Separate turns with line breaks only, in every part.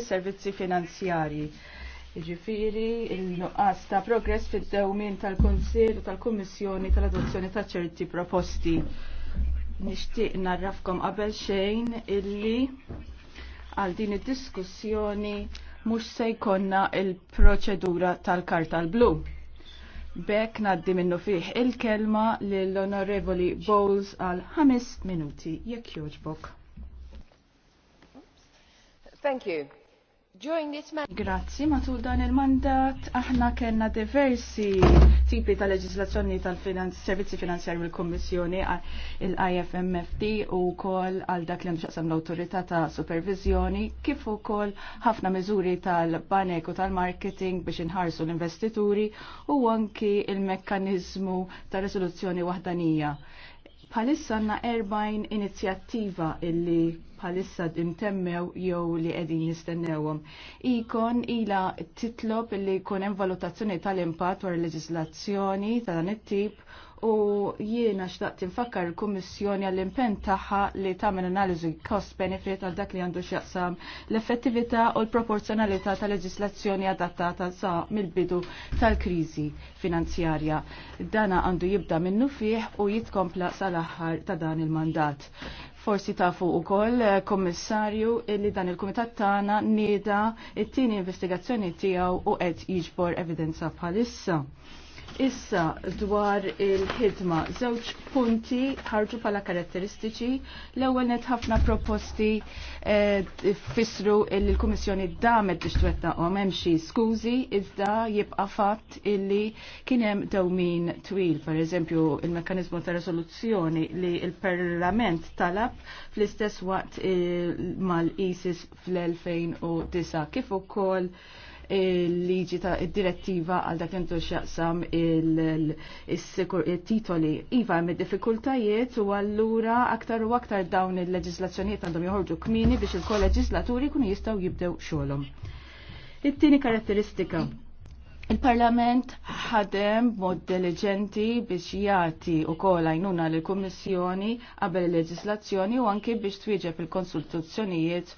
servizzi finanzjari. Ġifiri, il-nuqqas ta' progress fid-dewmin tal-Konsil u tal-Kommissjoni tal-adozzjoni ta' ċerti proposti. Nishtiq narrafkom qabel xejn illi għal din id-diskussjoni mhux se jkollna il-proċedura tal-karta l-blu. Bek naddi minnu fih il-kelma lill-Onorevoli Bowles għal 5 minuti jekk joġbok. Thank you. During this man Grazzi, matul dan il-mandat aħna kellna diversi tipi ta' leġislazzjoni tal-servizzi finanzjari mill-Kommissjoni il-IFMFD u kol għal dak li għandu xaqsam l autorita ta' supervizjoni kif ukoll ħafna miżuri tal-banek u tal-marketing biex inħarsu l-investituri u anki il-mekkanizmu ta' resoluzzjoni wahdanija. Palissa għanna 40 inizjattiva illi bħalissa temmew jew li qegħdin jistennewhom. Ikon ila titlob li jkun hemm valutazzjoni tal-impatt wara l-leġislazzjoni ta' dan it-tip u jiena xtaqt infakkar il-Kummissjoni għall-impenn tagħha li tagħmel analiżi cost benefit għal dak li għandu x'jaqsam l-effettività u l-proporzjonalità ta' leġislazzjoni adattata sa mill-bidu tal-kriżi finanzjarja. Dana għandu jibda minnu fih u jitkompla sal-aħħar ta' dan il-mandat. Forsi tafu eh, u koll, kommissarju, li dan il-komitat tana nida it-tini investigazzjoni tijaw u għed jiġbor evidenza bħalissa. Issa dwar il-ħidma, żewġ punti ħarġu pala karatteristiċi. L-ewwel net ħafna proposti eh, fissru l kummissjoni damet biex twettaqhom hemm xi skużi iżda jibqa' fatt illi kien hemm dewmin twil, pereżempju il-mekkaniżmu ta' resoluzzjoni li l-Parlament talab fl-istess waqt eh, mal-ISIS fl-2009 kif ukoll il-liġi ta' id-direttiva għal dak intu xaqsam il-titoli. Iva, me diffikultajiet u għallura aktar u aktar dawn il-leġislazzjoniet għandhom joħorġu kmini biex il-kolleġislaturi kun jistaw jibdew xolom. It-tieni karatteristika. Il-Parlament ħadem mod diligenti biex jati u kol għajnuna l-Kommissjoni qabel il-leġislazzjoni u anki biex twieġeb il-konsultazzjonijiet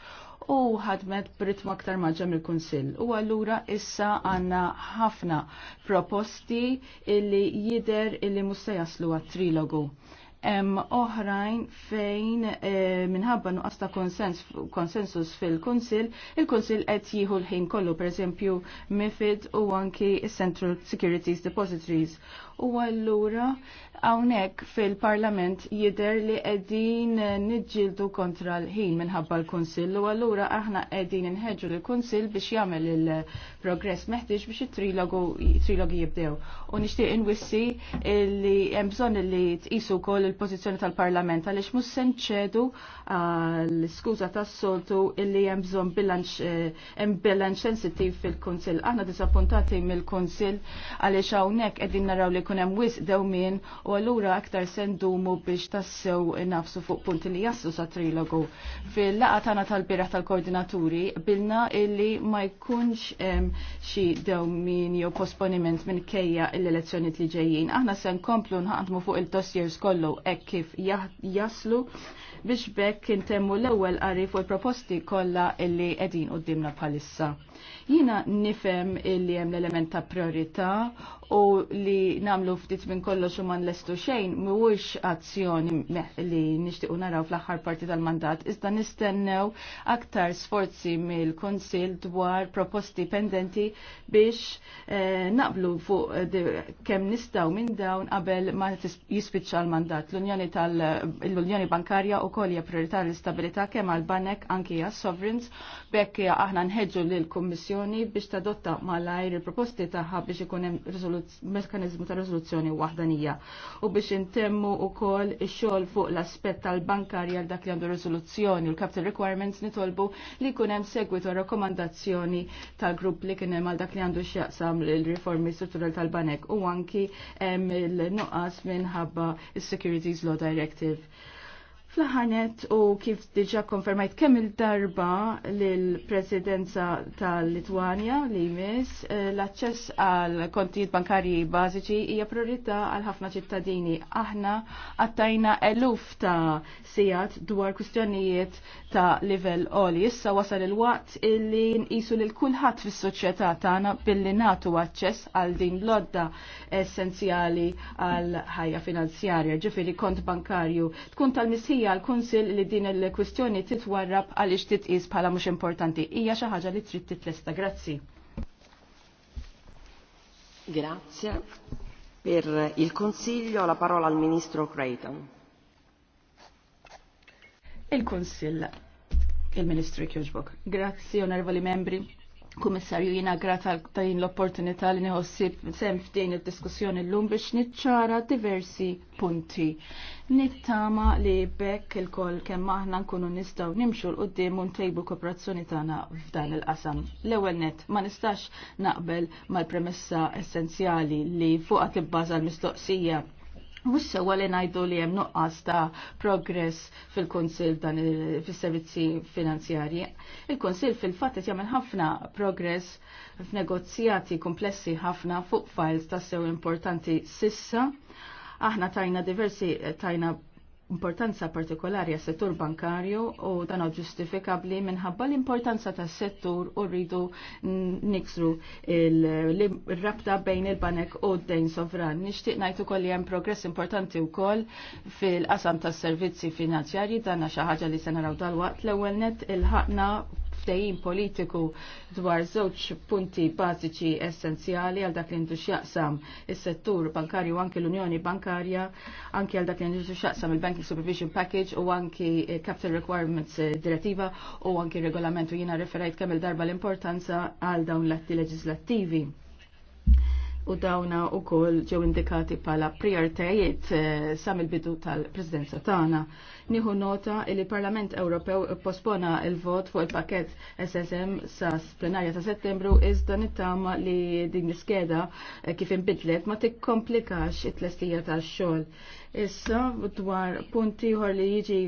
u ħadmet brit aktar maġġa mill-Kunsill. U allura issa għanna ħafna proposti illi jider illi musta jaslu għat-trilogu. Em oħrajn fejn e, minħabba nuqqas ta' konsensus fil-Kunsill, il-Kunsill qed jieħu l-ħin kollu, pereżempju MIFID u anki Central Securities Depositories u allura hawnhekk fil-Parlament jidher li qegħdin niġġieldu kontra l-ħin minħabba l-Kunsill u allura aħna qegħdin nħedġu lill-Kunsill biex jagħmel il-progress meħtieġ biex it-trilogi jibdew. U nixtieq inwissi li hemm bżonn li tqisu wkoll il-pożizzjoni tal-Parlament għaliex mhux se nċedu għall-iskuża tas-soltu illi hemm bżonn bilanċ eh, hemm bilanċ sensittiv fil-Kunsill. Aħna disappuntati mill-Kunsill għaliex hawnhekk qegħdin naraw li jkun hemm wisq min u allura aktar se ndumu biex tassew nafsu fuq punti li jaslu sa trilogu. Fil-laqa tagħna tal birraħ tal-koordinaturi bilna illi ma jkunx xi dewmin jew posponiment minn kejja l-elezzjonijiet li ġejjin. Aħna se nkomplu nħaqdmu fuq il-dossiers kollu hekk kif jaslu biex bekk intemmu l-ewwel qari fuq il-proposti kollha illi qegħdin qudiemna bħalissa. Jina nifhem illi hemm l-element ta' priorità u li namlu ftit minn kollox u man lestu xejn mhuwiex azzjoni li nixtiequ naraw fl-aħħar parti tal-mandat iżda nistennew aktar sforzi mill-Kunsill dwar proposti pendenti biex eh, naqblu fuq eh, kemm nistgħu minn dawn qabel ma jispiċċa l-mandat. L-Unjoni tal-Unjoni Bankarja wkoll hija priorità l-istabilità kemm għall-banek anki għas sovereigns bekk aħna nħeġġu lill-Kummissjoni biex tadotta malajr il-proposti tagħha biex ikun hemm mekanizmu ta' rezoluzzjoni waħdanija u biex intemmu u kol xol fuq l-aspet tal-bankarja dak li għandu rezoluzzjoni u l-capital requirements nitolbu li kunem u rekomandazzjoni tal-grupp li kienem għal dak li għandu xjaqsam l-riformi strutturali tal-banek u anki il-nuqqas minħabba il-Securities Law Directive. Fl-ħanet u kif diġa konfermajt kemm il-darba l-presidenza tal litwania li jmiss eh, l-aċċess għal kontijiet bankarji bażiċi hija priorità għal ħafna ċittadini. Aħna għattajna eluf ta' sijat dwar kwistjonijiet ta' livell oli. Issa wasal il-waqt illi nqisu lil kulħadd fis-soċjetà tagħna billi nagħtu aċċess għal din l-odda essenzjali għal ħajja finanzjarja, ġifieri kont bankarju. Tkun tal-missija hija l-Kunsil li din il-kwistjoni titwarrab għaliex titqis bħala mhux importanti. Hija xi ħaġa li trid titlesta. Grazzi. Grazie. Per il Consiglio la parola al Ministro Creighton. Il Consiglio, il Ministro Kjoġbok. Grazie, onorevoli membri. Kummissarju jina grata tajin l-opportunità li neħossib sem f'din il-diskussjoni l-lum biex nitċara diversi punti. Nittama li bekk il-koll kemm aħna nkunu nistgħu nimxu l qoddim u ntejbu kooperazzjoni tagħna f'dan il-qasam. L-ewwel net ma nistax naqbel mal-premessa essenzjali li fuqha tibbaża l-mistoqsija Mux sewa li najdu li jem nuqqas ta' progress fil-Konsil dan fil-servizzi finanzjarji. Il-Konsil fil qed jagħmel ħafna progress f'negozjati komplessi ħafna fuq files ta' sew importanti sissa. Aħna tajna diversi tajna importanza partikolari għas settur bankarju u dan ġustifikabli minħabba l-importanza tas settur u rridu niksru il-rabta bejn il-banek u d-dejn sovran. Nishtiq najtu kolli jem progress importanti u koll fil-qasam tas servizzi finanzjari dan xaħġa li senaraw dal-waqt l-ewel net il-ħakna ftehim politiku dwar żewġ punti bażiċi essenzjali għal dak li ntux x'jaqsam is-settur bankarju anke l-Unjoni Bankarja, anke għal dak li ndu x'jaqsam il-Banking Supervision Package u anke Capital Requirements Direttiva u anke regolamentu jiena referajt kemm il-darba l-importanza għal dawn l-atti leġislattivi u dawna u koll ġew indikati pala prioritajiet eh, sam il-bidu tal-Presidenza tagħna. Nieħu nota li parlament Ewropew pospona il-vot fuq il-pakett SSM sa plenarja ta' settembru iżda nittama li din l-iskeda eh, kif inbidlet ma tikkomplikax it-tlestija tax-xogħol. Issa dwar punti ieħor li jiġi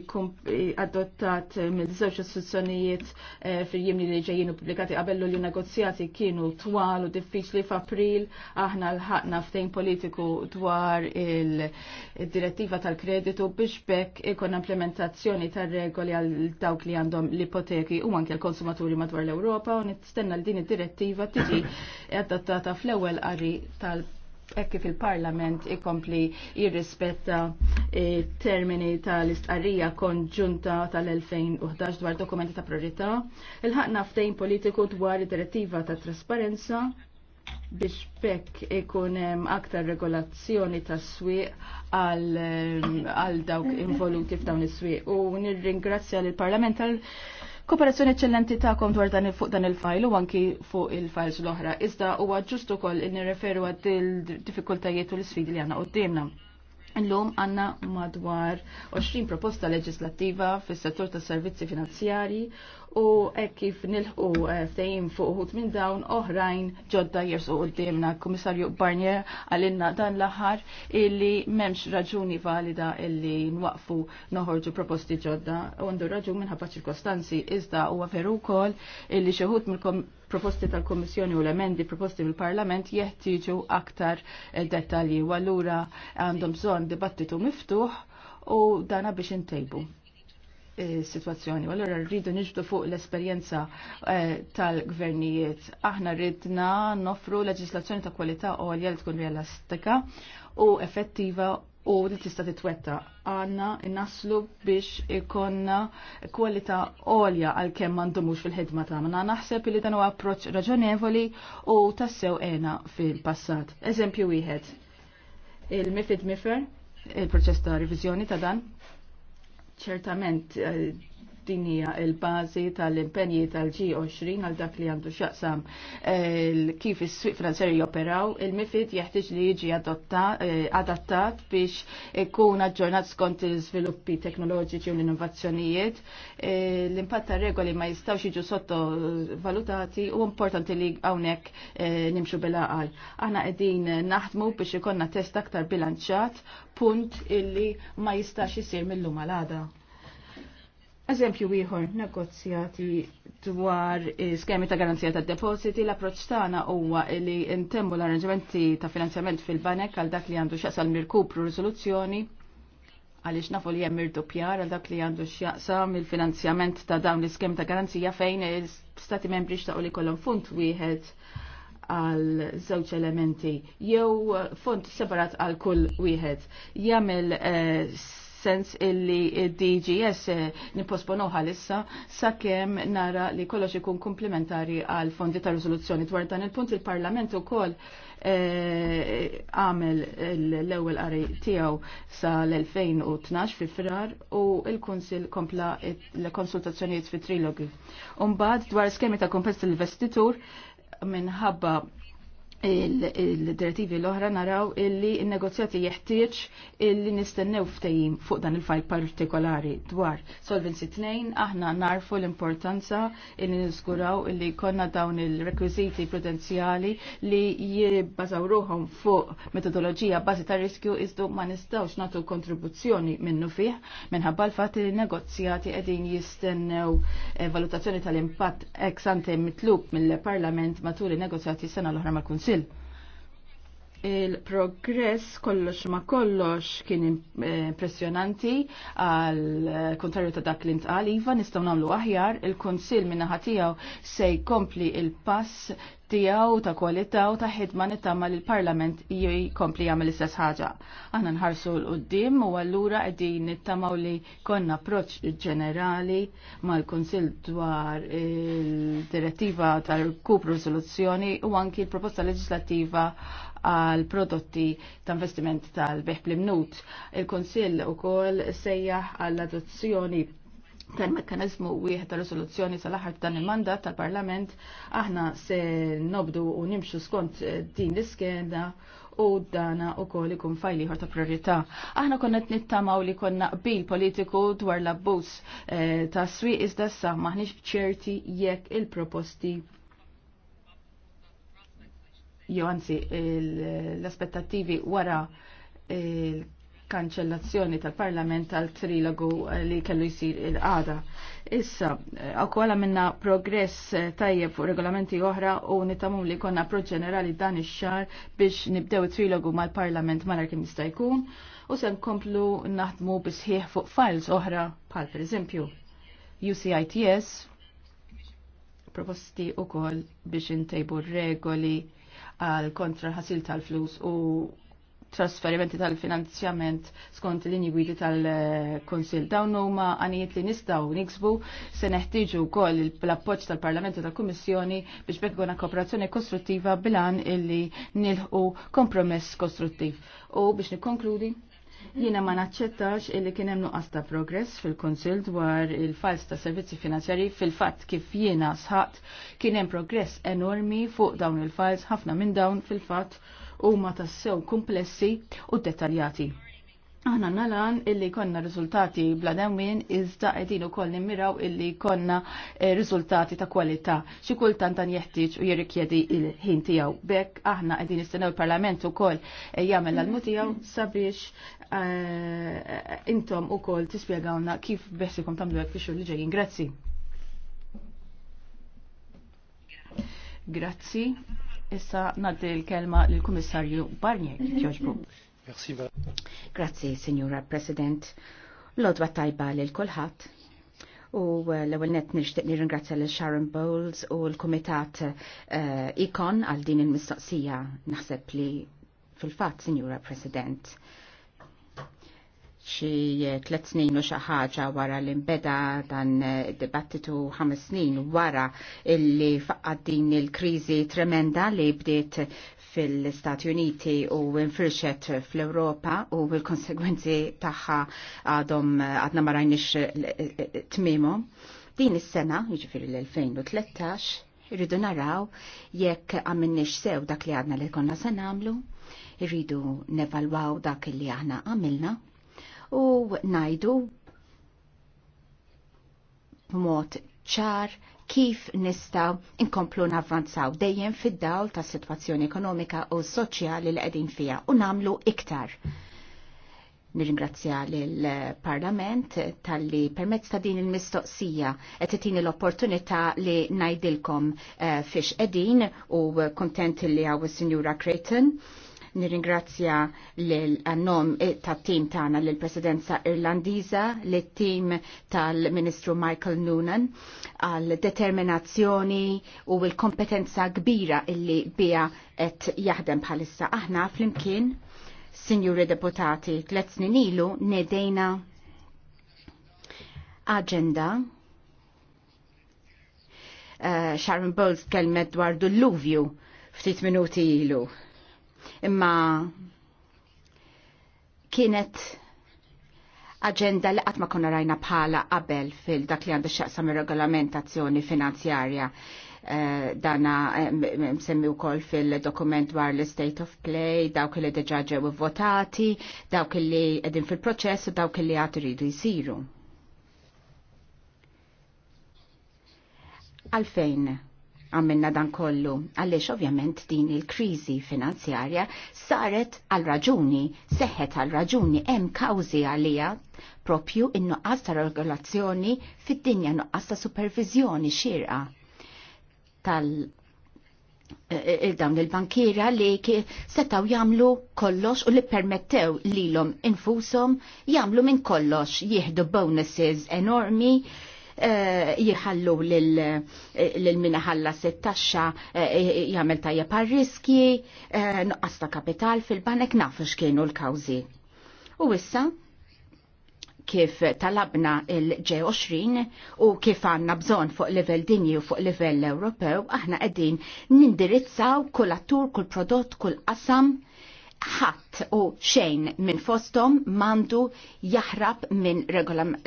adottat mill-żewġ istituzzjonijiet eh, fil-jimni li ġejjin publikati għabellu li negozjati kienu twal u diffiċli f'April aħna l-ħaqna ftejn politiku dwar il-direttiva tal-kreditu biex bekk ikun implementazzjoni tar-regoli għal dawk li għandhom l-ipoteki u anke l-konsumaturi madwar l-Ewropa u nistenna l din id-direttiva tiġi adottata fl-ewwel qari tal hekk kif il-Parlament ikompli jirrispetta termini tal-istqarrija konġunta tal-2011 dwar dokumenti ta' priorità, il-ħakna ftejn politiku dwar id-direttiva ta' trasparenza biex bekk ikun aktar regolazzjoni tas swieq għal dawk involuti f'dawn is-swieq u nirringrazzja lill parlament għal kooperazzjoni eccellenti ta'kom dwar dan fuq dan il-fajl u anki fuq il-fajls l-oħra. Iżda huwa ġustu ukoll in nirreferu għad il-diffikultajiet u l-sfidi li għanna qoddimna. Illum għanna madwar 20 proposta leġislattiva fis settur tas servizzi finanzjari u hekk kif nilħu sejjin eh, fuq uħut minn dawn oħrajn ġodda jersu d-demna Kummissarju Barnier għalinna dan l-aħħar illi m'hemmx raġuni valida illi nwaqfu noħorġu proposti ġodda u għandu raġun minħabba ċirkostanzi iżda huwa għaferu wkoll illi xi wħud mill proposti tal komissjoni u l-emendi proposti mill-Parlament jeħtieġu aktar eh, dettalji u allura għandhom bżonn dibattitu miftuħ u dana biex intejbu situazzjoni. Allora rridu nġdu fuq l-esperjenza eh, tal-gvernijiet. Aħna rridna nofru leġislazzjoni ta' kwalità għolja li tkun realistika u effettiva u li tista' titwetta. Għanna naslu biex ikonna kwalità għolja għal kem mandumux fil-ħidma tagħna. Naħseb li dan huwa approċċ raġonevoli u tassew ena fil-passat. Eżempju wieħed. Il-Mifid Mifer, il-proċess ta' riviżjoni ta' dan, ċertament eh, din hija l-bażi tal-impenji tal-G20 għal dak li għandu x'jaqsam eh, kif is-swieq Franzer joperaw, il-MIFID jeħtieġ li jiġi eh, adattat biex ikun aġġornat skont iż żviluppi teknoloġiċi u l-innovazzjonijiet. Eh, l-impatt tar-regoli ma jistgħux jiġu sottovalutati u importanti li hawnhekk nimxu bil-aqal. Aħna qegħdin naħdmu biex ikonna test aktar bilanċat punt illi ma jistax isir mill-lum għal-għada. Eżempju ieħor negozjati dwar skemi ta' garanzija ta' depositi l-approċċ tagħna huwa li ntemmu l-arranġamenti ta' finanzjament fil-banek għal dak li għandu x'jaqsam mirkupru riżoluzzjoni għaliex nafu li hemm irdupjar għal dak li għandu x'jaqsam il-finanzjament ta' dawn l iskem ta' garanzija fejn stati membri xtaqgħu li kollhom fund wieħed għal żewġ elementi jew font separat għal kull wieħed jagħmel eh, sens illi DGS eh, niposponuħ sa sakemm nara li kollox ikun komplementari għal fondi ta' riżoluzzjoni dwar dan il-punt il-Parlament ukoll eh, għamel l-ewwel qari tiegħu l 2012 fi frar u l konsil kompla l-konsultazzjonijiet fi trilogi. Umbagħad dwar skemi ta' kompens l-investitur minħabba il-direttivi l-oħra naraw illi il-negozjati jeħtieġ illi nistennew ftejim fuq dan il-fajl partikolari dwar Solvency 2 aħna narfu l-importanza illi niskuraw illi konna dawn il-rekwiziti prudenzjali li jibbażaw ruħom fuq metodologija bażi ta' riskju izdu ma nistawx natu kontribuzzjoni minnu fih minħabba l-fatt negozjati qegħdin jistennew eh, valutazzjoni tal-impatt ex ante mitlub mill-Parlament matul il-negozjati sena l-oħra mal-Kunsill tal Il-progress kollox ma kollox kien eh, impressjonanti għal kontrarju ta' dak li ntqal iva nistgħu nagħmlu aħjar il-Kunsill minnaħa tiegħu se jkompli il-pass tiegħu ta' kwalità u ta' ħidma nittama li l-Parlament jkompli jagħmel istess ħaġa. Aħna nħarsu l qudiem u allura qegħdin nittamaw li konna approċċ ġenerali mal-Kunsill dwar il-direttiva tal kup soluzzjoni u anki l-proposta leġislattiva għal prodotti ta' investiment tal-beħ blimnut. il konsil u kol sejjaħ għall-adozzjoni tal-mekkanizmu wieħed ta' risoluzzjoni sal-aħħar dan il-mandat tal-Parlament aħna se nobdu u nimxu skont eh, din l-iskeda u dana u kol ikun ħor ta' priorità. Aħna konna nittamaw li konna qbil politiku dwar l-abbus eh, ta' swi iżda sa' maħniġ bċerti jekk il-proposti jew anzi l-aspettattivi wara kancellazzjoni kanċellazzjoni tal-Parlament tal-trilogu li kellu jisir il-qada. Issa, għakola eh, minna progress eh, tajjeb fuq regolamenti oħra u nitamu li konna ġenerali dan ix-xar biex nibdew trilogu mal-Parlament malar kim jista' jkun u se nkomplu naħdmu bisħieħ fuq files oħra pal per eżempju UCITS proposti u kol biex intejbu regoli għal kontra ħasil tal-flus u trasferimenti tal-finanzjament skont l inji gwidi tal-Konsil. Dawn huma għanijiet li nistgħu niksbu se neħtieġu wkoll l-appoġġ tal-Parlamentu tal-Kummissjoni biex bekkuna kooperazzjoni kostruttiva bilan illi nilħu kompromess kostruttiv. U biex nikkonkludi, Jiena ma naċċettax illi kien hemm nuqqas ta' progress fil-Kunsill dwar il-files ta' servizzi finanzjarji fil-fatt kif jiena sħaqt kien hemm progress enormi fuq dawn il-files ħafna minn dawn fil-fatt huma tassew komplessi u dettaljati Aħna nalan illi konna rizultati bla dewmin iżda qegħdin ukoll nimmiraw illi konna eh, riżultati ta' kwalità. Xi kultant dan jeħtieġ u jirrikjedi il-ħin tiegħu. Bekk aħna qegħdin nistennew il-Parlament ukoll eh, jagħmel l-almu tiegħu sabiex eh, intom ukoll tispjegawna kif beħsikom tagħmlu hekk fix-xhur li ġejjin. Grazzi. Grazzi. Issa naddi l-kelma lill-Kummissarju Barnier, kjoġbu.
Merci, Grazie, Signora President. Lodwa tajba lil kulħadd. U eh, l-ewwel net nixtieq nirringrazzja lil Sharon Bowles u l-Kumitat Ikon eh, għal din il-mistoqsija naħseb li fil-fatt, Signora President. Xi eh, tliet snin u xi ħaġa wara li nbeda dan id-dibattitu ħames snin wara li faqqa din il-kriżi tremenda li bdiet fil-Stati Uniti u infirxet fl-Europa u l-konsegwenzi tagħha għadhom għadna ma rajniex eh, eh, eh, tmimhom. Din is-sena, jiġifieri l-2013, irridu naraw jekk għamilniex sew dak li għadna li konna se nagħmlu, irridu nevalwaw dak li aħna għamilna u najdu b'mod ċar kif nistaw inkomplu navvanzaw dejjem fid-dawl ta' situazzjoni ekonomika u soċjali li qegħdin fija u namlu iktar. Nirringrazzja l-Parlament tal-li permezz ta' din il-mistoqsija qed itini l-opportunità li ngħidilkom eh, fiex qegħdin u kontent li għaw is-Sinjura Creighton. Nirringrazzja l-annom e, ta' tim tagħna l presidenza Irlandiża, l tim tal-Ministru Michael Noonan għal determinazzjoni u l-kompetenza kbira illi bija qed jaħdem bħalissa aħna flimkien. Signori Deputati, tlet snin ilu nedejna agenda Uh, Sharon Bowles kelmet dwar dulluvju ftit minuti ilu imma kienet agenda li għatma konna rajna bħala qabel fil-dak li għandu xaqsam regolamentazzjoni finanzjarja eh, dana eh, msemmi wkoll fil-dokument dwar l-state of play, dawk li deġa ġew votati, dawk li qegħdin fil-proċess u dawk li għad iridu jsiru. Għalfejn għamilna dan kollu, għalliex ovvjament din il-krizi finanzjarja saret għal raġuni, seħet għal raġuni, hemm kawzi għalija propju in-nuqqas ta' regolazzjoni fid-dinja nuqqas ta' supervizjoni xirqa tal il-dawn eh, eh, il-bankira li setaw jamlu kollox u li permettew l-om infusom jamlu minn kollox jieħdu bonuses enormi Eh, jħallu l-minaħalla eh, settaxa taxxa eh, jagħmel tajjeb riski nuqasta kapital fil-banek nafux kienu l-kawżi. U issa kif talabna il-G20 u kif għanna bżon fuq level dinji u fuq level Ewropew, aħna qegħdin nindirizzaw kull attur, kull prodott, kull qasam ħadd u xejn minn fostom mandu jaħrab minn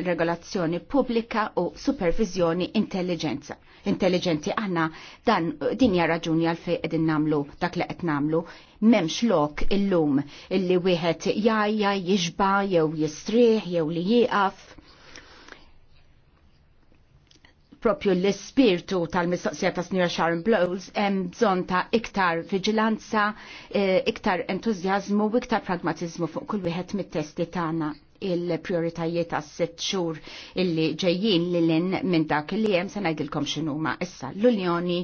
regolazzjoni pubblika u supervizjoni intelligenza. Intelligenti għanna dan din raġuni għal fejn qegħdin nagħmlu dak li qed nagħmlu m'hemmx lok illum illi wieħed jajja jiġba jew jistrieħ jew li jieqaf propju l-spirtu tal-mistoqsija ta' Snira Sharon Blows hemm bżonn ta' iktar viġilanza, eh, iktar entużjażmu u iktar pragmatizmu fuq kull wieħed mit-testi tagħna il-prioritajiet għas sitt xhur illi ġejjin li l minn dak li hemm se ngħidilkom x'inhuma issa l-Unjoni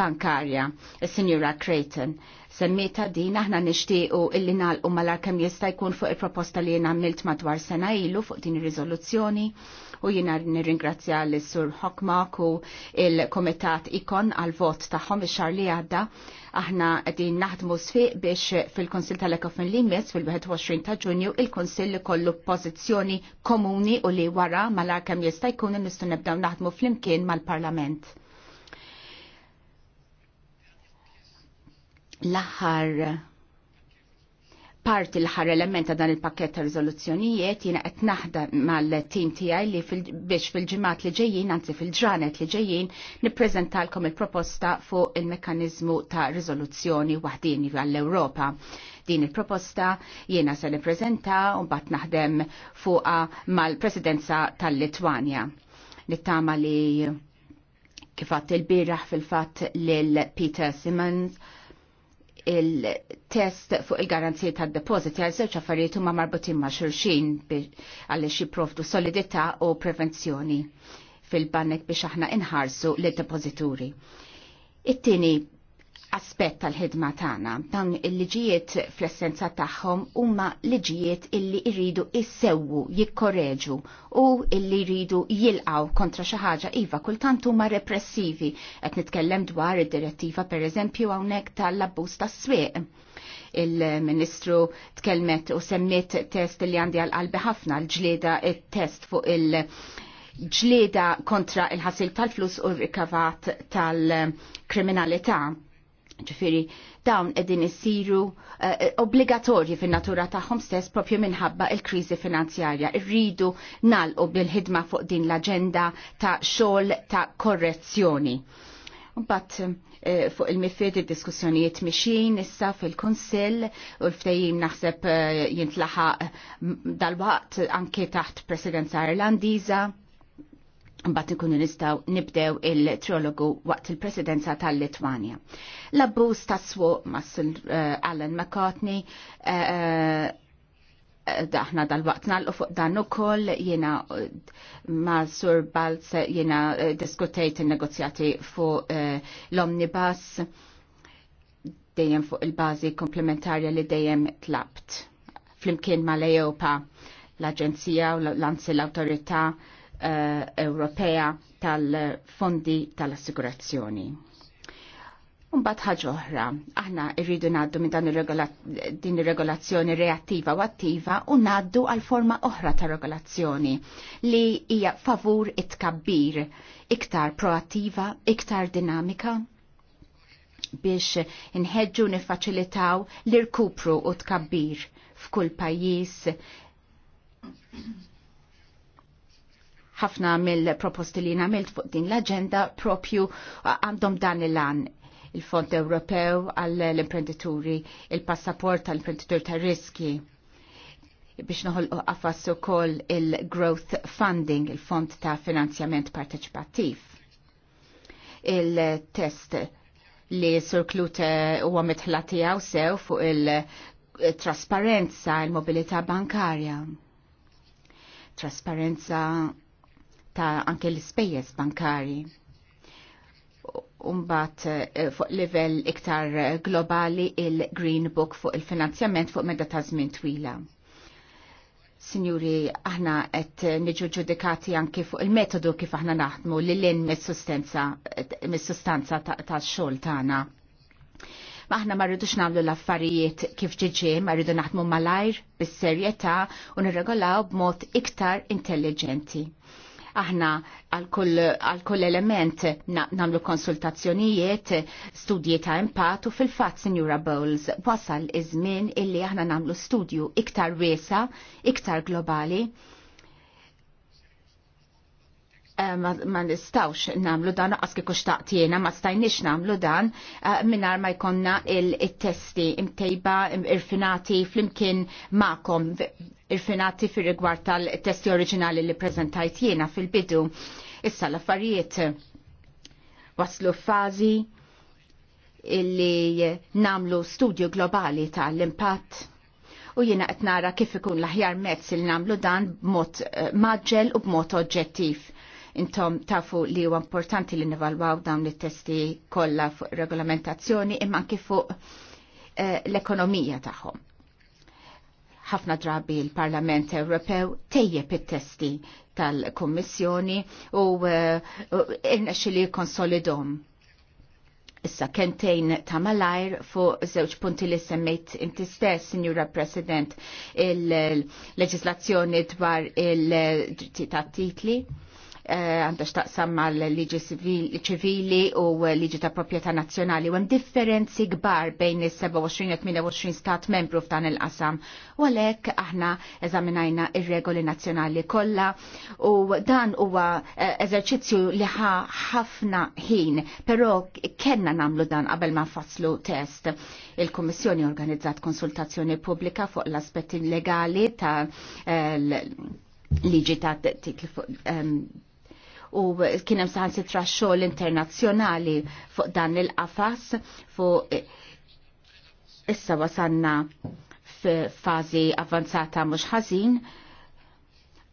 Bankarja, is-Sinjura Creighton. Semmita din aħna nixtiequ illi nagħlqu malar kemm jista' jkun fuq il-proposta li jien għamilt madwar sena ilu fuq din ir-riżoluzzjoni u jina nirringrazzja l-Sur Hokmak u il-Komitat Ikon għal-vot taħħom il-xar li għadda. Aħna għedin naħdmu sfiq biex fil-Konsil tal-Ekofin li jmiss fil-21 ta' ġunju il-Konsil li kollu pozizjoni komuni u li wara mal-arkem jista' jkun nistu nibdaw naħdmu fl-imkien mal-Parlament. L-aħħar parti l-ħar element ta' dan il-pakket ta' rizoluzzjonijiet jiena qed naħda mal-tim tiegħi li fil biex fil-ġimgħat li ġejjin, anzi fil-ġranet li ġejjin, nippreżentalkom il-proposta fuq il-mekkaniżmu ta' riżoluzzjoni waħdini għall-Ewropa. Din il-proposta jiena se nippreżenta u mbagħad naħdem fuqha mal-Presidenza tal-Litwanja. Nittama li kif il-biraħ fil-fatt lil Peter Simmons, il-test fuq il-garanzija tad deposit għal żewġ affarijiet huma marbutin ma' xulxin għaliex jipprovdu solidità u prevenzjoni fil-banek biex aħna inħarsu l-depozituri. It-tieni aspett tal-ħidma tagħna. Dan il-liġijiet fl-essenza tagħhom huma liġijiet illi jridu issewwu, jikkoreġu u illi jridu jilqaw kontra xi ħaġa iva kultant huma repressivi qed nitkellem dwar id-direttiva pereżempju hawnhekk tal-abbuż tas-swieq il-ministru tkellmet u semmiet test li għandi għal-qalbi ħafna l-ġlieda il-test fuq il- ġlieda kontra il-ħasil tal-flus u r-rikavat tal-kriminalità. tal kriminalità ġifiri dawn edin issiru uh, obbligatorji fin natura tagħhom stess propju minħabba il-kriżi finanzjarja. Irridu nalqu bil-ħidma fuq din l-aġenda ta' xogħol ta' korrezzjoni. Mbatt eh, fuq il-mifid il-diskussjonijiet mixin issa fil kunsill u l naħseb jintlaħaq dal-waqt anke taħt Presidenza Irlandiża Mbatt ikunu nistaw nibdew il-triologu waqt il-presidenza tal-Litwanja. L-abbuż ta' swo Massil uh, eh, Alan McCartney uh, eh, uh, eh, daħna dal-waqt nalqu fuq dan ukoll jiena ma' Sur Balz jiena diskutejt il-negozjati fuq l-omnibus dejjem fuq il-bażi komplementarja li dejjem tlabt. Flimkien ma' l-Ejopa, l-Aġenzija u l-Anzi l awtorità Eh, Ewropea tal-fondi tal-assigurazzjoni. Unbat ħaġa oħra, aħna irridu naddu minn din ir-regolazzjoni reattiva u attiva u naddu għal forma oħra ta' regolazzjoni li hija favur it-kabbir, iktar proattiva, iktar dinamika biex inħeġġu nifacilitaw l-irkupru u tkabbir f'kull pajjiż ħafna mill-proposti li nagħmelt fuq din l-aġenda propju għandhom dan il-għan il-Fond Ewropew għall-imprenditori, il-passaport tal-imprenditur ta' riski biex noħolqu qafas ukoll il-Growth Funding, il-Fond ta' Finanzjament Parteċipattiv. Il-test li Sur u huwa mitħla tiegħu sew fuq il-trasparenza, il-mobilità bankarja. Trasparenza ta' anke l-ispejjeż bankari. Umbat eh, fuq livell iktar globali il-Green Book fuq il-finanzjament fuq medda ta' żmien twila. Signuri, aħna qed niġu ġudikati anki fuq il-metodu kif aħna naħdmu li l-in mis-sustanza ta' xogħol tagħna. Ma aħna ma rridux nagħmlu l-affarijiet kif ġiġi, ma rridu naħdmu malajr bis-serjetà u nirregolaw b'mod iktar intelligenti Aħna għal kull element namlu konsultazzjonijiet, studji ta' impatt u fil-fatt, Signora Bowles, wasal iż-żmien illi aħna namlu studju iktar wiesa, iktar globali Eh, ma nistawx namlu dan għas kux taqtijena, ma stajnix namlu dan eh, minnar ma jkonna il-testi imtejba irfinati flimkien ma'kom irfinati fir rigward tal-testi oriġinali li prezentajt jena fil-bidu issa l-affarijiet waslu fazi illi namlu studju globali tal-impatt u jiena qed nara kif ikun l-aħjar mezz il namlu dan b'mod eh, maġġel u b'mod oġġettiv Intom tafu li huwa importanti li nivalwaw dawn it-testi kollha fuq regolamentazzjoni imma kifu fuq eh, l-ekonomija tagħhom. Ħafna drabi l-Parlament Ewropew tejjeb it-testi tal-Kummissjoni u eh, irnexxi li konsolidom. Issa kentejn ta' malajr fuq żewġ punti li semmejt inti stess, Signora President, il-leġislazzjoni dwar il-dritti tat titli għandha xtaqsam mal-liġi ċivili u liġi ta' proprjetà nazzjonali u għem differenzi kbar bejn is-27 28 stat membru f'dan il-qasam. U għalhekk aħna eżaminajna ir-regoli nazzjonali kollha u dan huwa eżerċizzju li ħa ħafna ħin, però kellna nagħmlu dan qabel ma nfasslu test. Il-Kummissjoni organizzat konsultazzjoni pubblika fuq l-aspetti legali ta' liġi ta' u kienem saħan sitra xogħol internazzjonali fuq dan il-qafas fuq eh, issa wasanna f'fażi avanzata mhux ħażin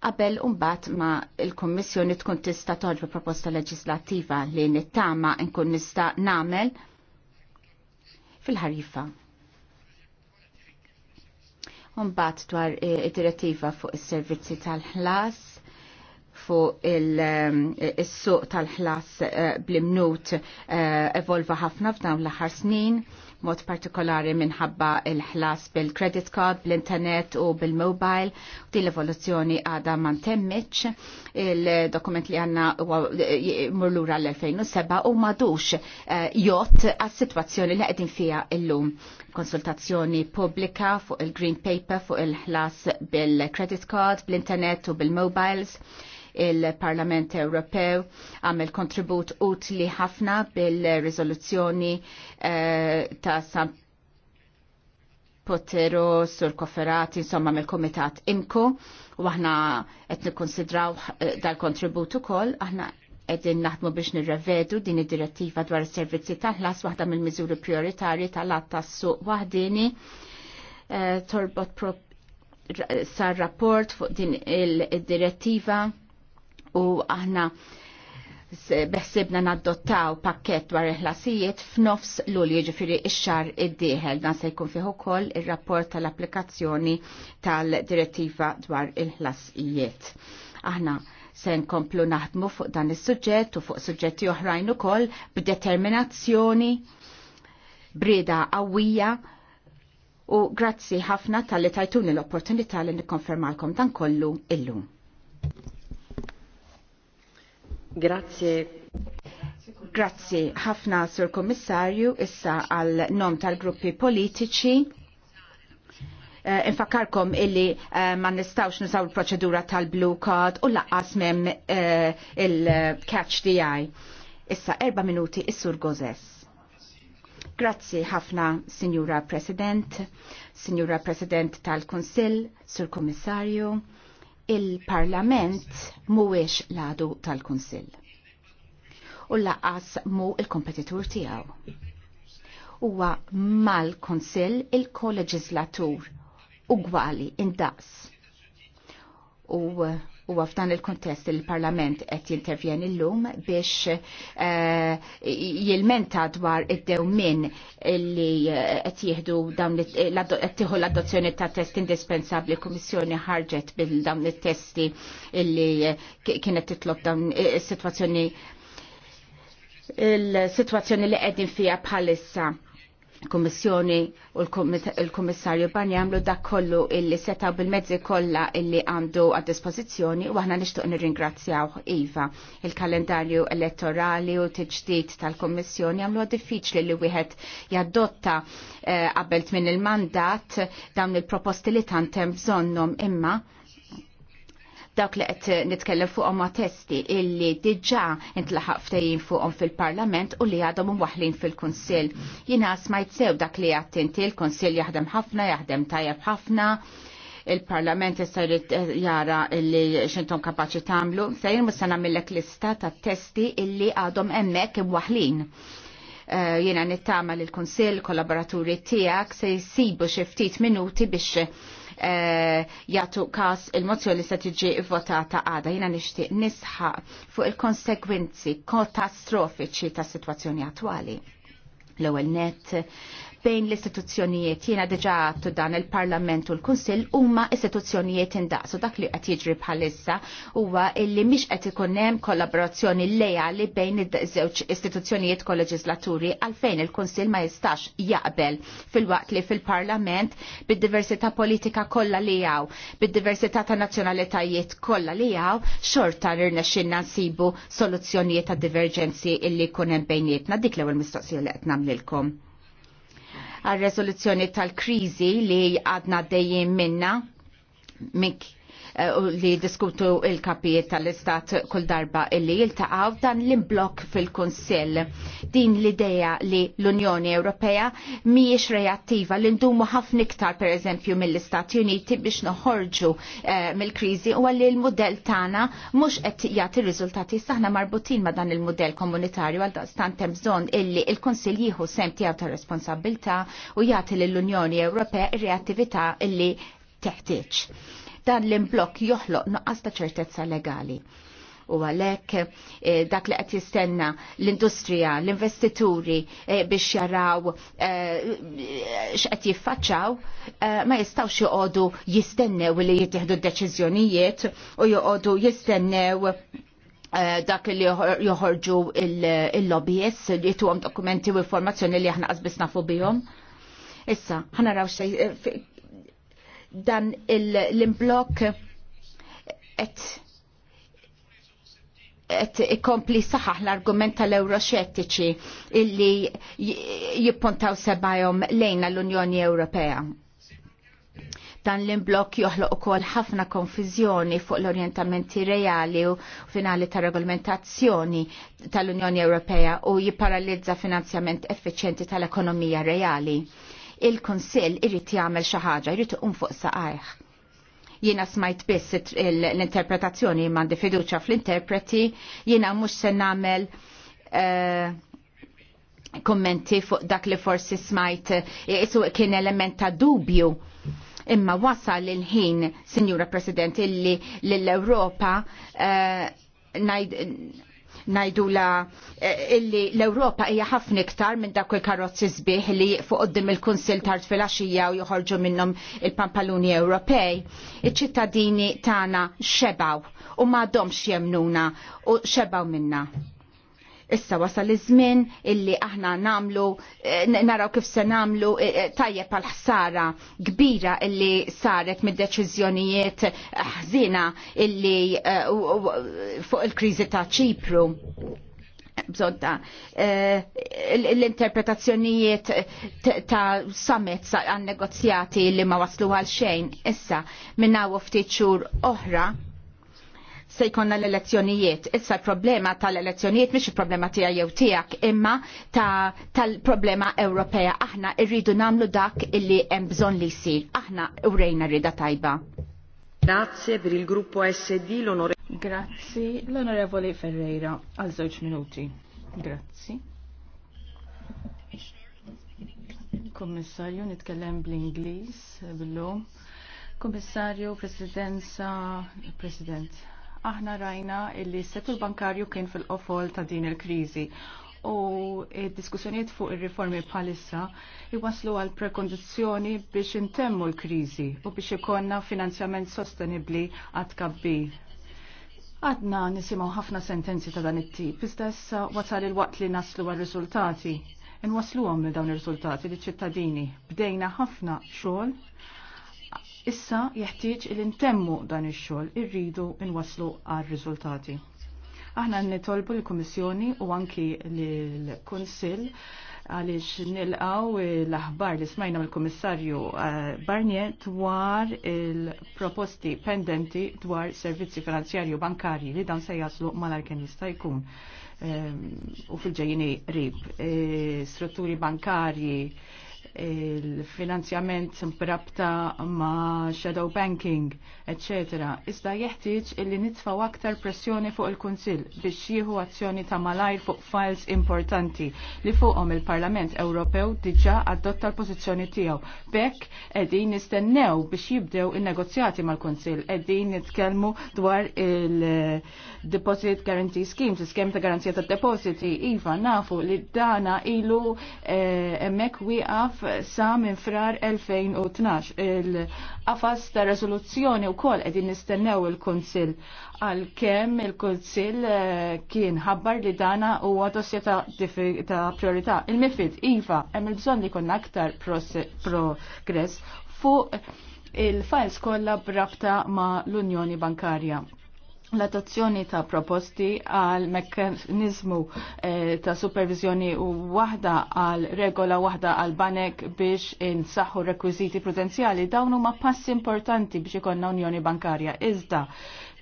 qabel umbat ma il-Kommissjoni tkun tista toġba proposta leġislattiva li nittama nkun nista namel fil-ħarifa. Umbat dwar eh, id-direttiva fuq is-servizzi tal-ħlas fuq ehm, il-suq tal-ħlas eh, bl-imnut eh, evolva ħafna f'dawn l-aħħar snin, mod partikolari minħabba il-ħlas bil-credit card, bl-internet u bil-mobile, u din l-evoluzzjoni għada man temmiċ, il-dokument li għanna eh, murlura l-2007 u madux jott għas-situazzjoni li għedin fija il-lum konsultazzjoni pubblika fuq il-Green Paper fuq il-ħlas bil-credit card, bl-internet u bil-mobiles il-Parlament Ewropew għamel kontribut utli ħafna bil-rizoluzzjoni eh, ta' San Potero sur Koferati, insomma mill-Komitat Imko, u aħna qed nikkonsidraw eh, dal-kontribut ukoll, aħna għedin naħdmu biex nirrevedu din id-direttiva dwar is-servizzi tal-ħlas waħda mill-miżuri prioritarji tal-att tas-suq waħdini eh, torbot sar rapport fuq din il-direttiva u aħna beħsibna naddottaw pakket dwar il-ħlasijiet f'nofs l-ulju ġifiri ix-xar id-dieħel dan se jkun fih ukoll ir-rapport tal-applikazzjoni tal-direttiva dwar il-ħlasijiet. Aħna se nkomplu naħdmu fuq dan is-suġġett u fuq suġġetti oħrajn ukoll b'determinazzjoni, brieda qawwija u grazzi ħafna tal-li tajtuni l-opportunità li nikkonfermalkom dan kollu illum. Grazie. Grazie ħafna Sur Kommissarju issa għal nom tal-gruppi politiċi. Eh, infakarkom illi eh, ma nistawx nisaw il-proċedura tal-blue card u laqqas mem eh, il-catch di Issa erba minuti is-sur Gozes. Grazzi ħafna, Signora President, Signora President tal-Konsil, Sur Kommissarju, il-Parlament mhuwiex l-għadu tal-Kunsill. U laqas mu il-kompetitur tiegħu. Huwa mal-Kunsill il u ugwali indaqs. U U f'dan il-kontest il-Parlament qed jintervjen il-lum biex eh, jilmenta dwar id-dewmin li eh, qed jihdu dawn tieħu l-adozzjoni ta' test indispensabbli kummissjoni ħarġet bil dawn it-testi li eh, kienet titlob dawn is-sitwazzjoni il-sitwazzjoni li qegħdin fija bħalissa il-Kommissjoni u l-Kommissarju Ban għamlu dak kollu illi setaw bil-mezzi kollha illi għandu għad dispożizzjoni u aħna nir nirringrazzjaw iva. Il-kalendarju elettorali u t-ġdid tal-Kommissjoni għamlu diffiċli li wieħed jaddotta eh, qabel minn il-mandat dawn il-proposti li tantem bżonnom bżonnhom imma dak li qed nitkellem fuqhom ma' testi illi diġà intlaħaq ftehim fuqhom fil-Parlament u li għadhom waħlin fil-Kunsill. Jiena smajt sew dak li għad inti l-Kunsill jaħdem ħafna, jaħdem tajjeb ħafna il-parlament jista' eh, jara li xintom kapaċi tagħmlu, sejjer mhux se nagħmilek lista ta' testi illi għadhom hemmhekk imwaħlin. Uh, Jiena nittama l-Kunsill, kollaboraturi tiegħek se jsibu xi ftit minuti biex Eh, jagħtu każ il-mozzjoni se tiġi votata għada. Jiena nixtieq nisħa fuq il-konsegwenzi katastrofiċi tas-sitwazzjoni attwali l-ewwel net bejn l-istituzzjonijiet jiena diġa għattu dan il-Parlament u l-Kunsill huma istituzzjonijiet indaqsu dak li qed jiġri bħalissa huwa illi mhix qed ikun hemm kollaborazzjoni lejali bejn iż-żewġ istituzzjonijiet kolleġislaturi għalfejn il-Kunsill ma jistax jaqbel fil-waqt li fil-Parlament bid-diversità politika kollha li hawn, bid-diversità ta' nazzjonalitajiet kollha li hawn, xorta rnexxinna nsibu soluzzjonijiet ta' diverġenzi illi jkun hemm bejnietna dik l-ewwel mistoqsija li qed nagħmlilkom għal-rezoluzzjoni tal-krizi li għadna dejjem minna mik Eh, li diskutu il-kapijiet tal-istat kull darba illi jiltaqaw dan l-imblok fil-Konsill. Din l-ideja li l-Unjoni Ewropea miex reattiva li ndumu ħafna iktar per eżempju mill-Istati Uniti biex noħorġu eh, mill-krizi u għalli l-modell tana mux qed jagħti riżultati saħna marbutin ma dan il-modell komunitarju għal dan hemm bżonn illi l konsill jieħu sem tiegħu ta' responsabilità u jagħti lill-Unjoni Ewropea ir-reattività illi teħtieġ dan l-imblok joħloq nuqqas ta' ċertezza legali. U għalek eh, dak li qed jistenna l-industrija, l-investituri eh, biex jaraw eh, x'qed jiffaċċaw, ma jistgħux joqogħdu jistennew li jittieħdu d-deċiżjonijiet u joqogħdu jistennew dak li joħorġu il lobbyists li jituhom dokumenti u informazzjoni li aħna qasbis nafu bihom. Issa, ħana raw xej dan l-imblok et et ikompli saħaħ l-argument tal-euroxettiċi illi jippuntaw sebajom lejna l-Unjoni Ewropea. Dan l-imblok joħloq ukoll ħafna konfiżjoni fuq l-orientamenti reali u finali ta' regolamentazzjoni tal-Unjoni Ewropea u jipparalizza finanzjament effiċjenti tal-ekonomija reali il-Konsil irrit jagħmel xi ħaġa, irrit iqum fuq saqajh. Jiena smajt biss l-interpretazzjoni m'għandi fiduċja fl-interpreti, jiena mhux se nagħmel eh, kommenti fuq dak li forsi smajt isu eh, kien element ta' dubju. Imma wasal il-ħin, Sinjura President, illi l-Europa uh, eh, najdula eh, illi l-Ewropa hija ħafna iktar minn dak il-karozzi sbieħ li fuq qoddim il-Kunsil tard filgħaxija u joħorġu minnhom il-pampaluni Ewropej. Iċ-ċittadini tagħna xebaw u m'għadhomx jemnuna u xebaw minna issa wasal iż-żmien illi aħna namlu eh, naraw kif se namlu eh, eh, tajjeb għal ħsara kbira illi saret mid-deċiżjonijiet ħżina illi fuq il-kriżi ta' Ċipru. Bżodda, l-interpretazzjonijiet ta' summits għan negozjati li ma waslu għal xejn, issa minna u ftit xhur oħra se jkonna l-elezzjonijiet. Issa l-problema tal-elezzjonijiet mhix il-problema tiegħi jew tiegħek, imma tal-problema Ewropea. Aħna rridu nagħmlu dak illi hemm bżonn li jsir. Aħna urejna rrida
tajba. Grazie per il gruppo SD l'onore. Grazie l'onorevole Ferreira għal żewġ minuti. Grazie. Kommissarju nitkellem bl-Ingliż lum Kommissarju, Presidenza, President aħna rajna illi settur bankarju kien fil-qofol ta' din il-kriżi u diskussjoniet fuq ir-riformi bħalissa jwaslu għal prekondizzjoni biex intemmu l-kriżi u biex ikonna finanzjament sostenibli għad kabbi. Għadna nisimaw ħafna sentenzi ta' dan it-tip, iżda issa wasal il-waqt li naslu għal riżultati. Inwaslu għom dawn ir-riżultati li ċittadini. Bdejna ħafna xogħol Issa jeħtieġ il intemmu dan ix-xogħol irridu nwasslu għal riżultati. Aħna nitolbu l-Kummissjoni u anki l-Kunsill għaliex nilqaw l-aħbar li smajna mill-Kummissarju eh, Barnier dwar il-proposti pendenti dwar servizzi finanzjarju bankarji li dan se jaslu mal kemm jista' jkun eh, u fil-ġejjini rib. Eh, strutturi bankarji il-finanzjament brabta ma' shadow banking, etc. Iżda jeħtieġ li nitfaw aktar pressjoni fuq il-Kunsill biex jieħu azzjoni ta' malajr fuq files importanti li fuqhom il-Parlament Ewropew diġà adotta l-pożizzjoni tiegħu. Bekk qegħdin nistennew biex jibdew in-negozjati mal-Kunsill, qegħdin nitkellmu dwar il-Deposit Guarantee Schemes, iskem ta' garanzija tad depositi, iva nafu li dana ilu eh, hemmhekk wieqaf sa minn frar 2012. Il-qafas ta' rezoluzzjoni u kol edin nistennew il-Konsil għal kem il-Konsil eh, kien ħabbar li dana u għadossja ta', ta priorità. Il-mifid, Iva, hemm il-bżon li konna aktar progress fuq il-files kollha brabta ma' l-Unjoni Bankarja. L-adozzjoni ta' proposti għal mekkanizmu eh, ta' supervizjoni u waħda għal regola waħda għal banek biex insaħħu rekwiziti prudenzjali dawn huma passi importanti biex ikonna Unjoni Bankarja. Iżda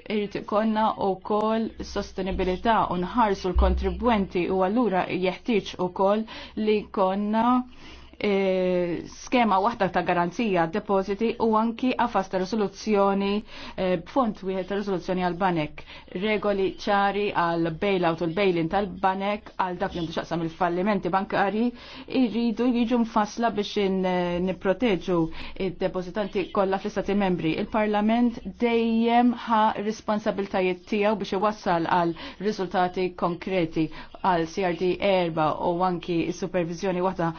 irrit ikonna u kol sostenibilità u nħarsu l-kontribwenti u għallura jeħtieġ u kol li konna E, skema waħda ta' garanzija depositi u anki għafas ta' risoluzzjoni b'font e, wieħed ta' risoluzzjoni għal banek. Regoli ċari għal bailout u l-bailin tal-banek għal dak li xaqsam il-fallimenti bankari irridu jiġu mfasla biex n-proteġu e, id-depozitanti kollha fl-istati membri. Il-Parlament dejjem ħa responsabiltajiet tiegħu biex iwassal għal riżultati konkreti għal CRD erba' u anki supervizjoni waħda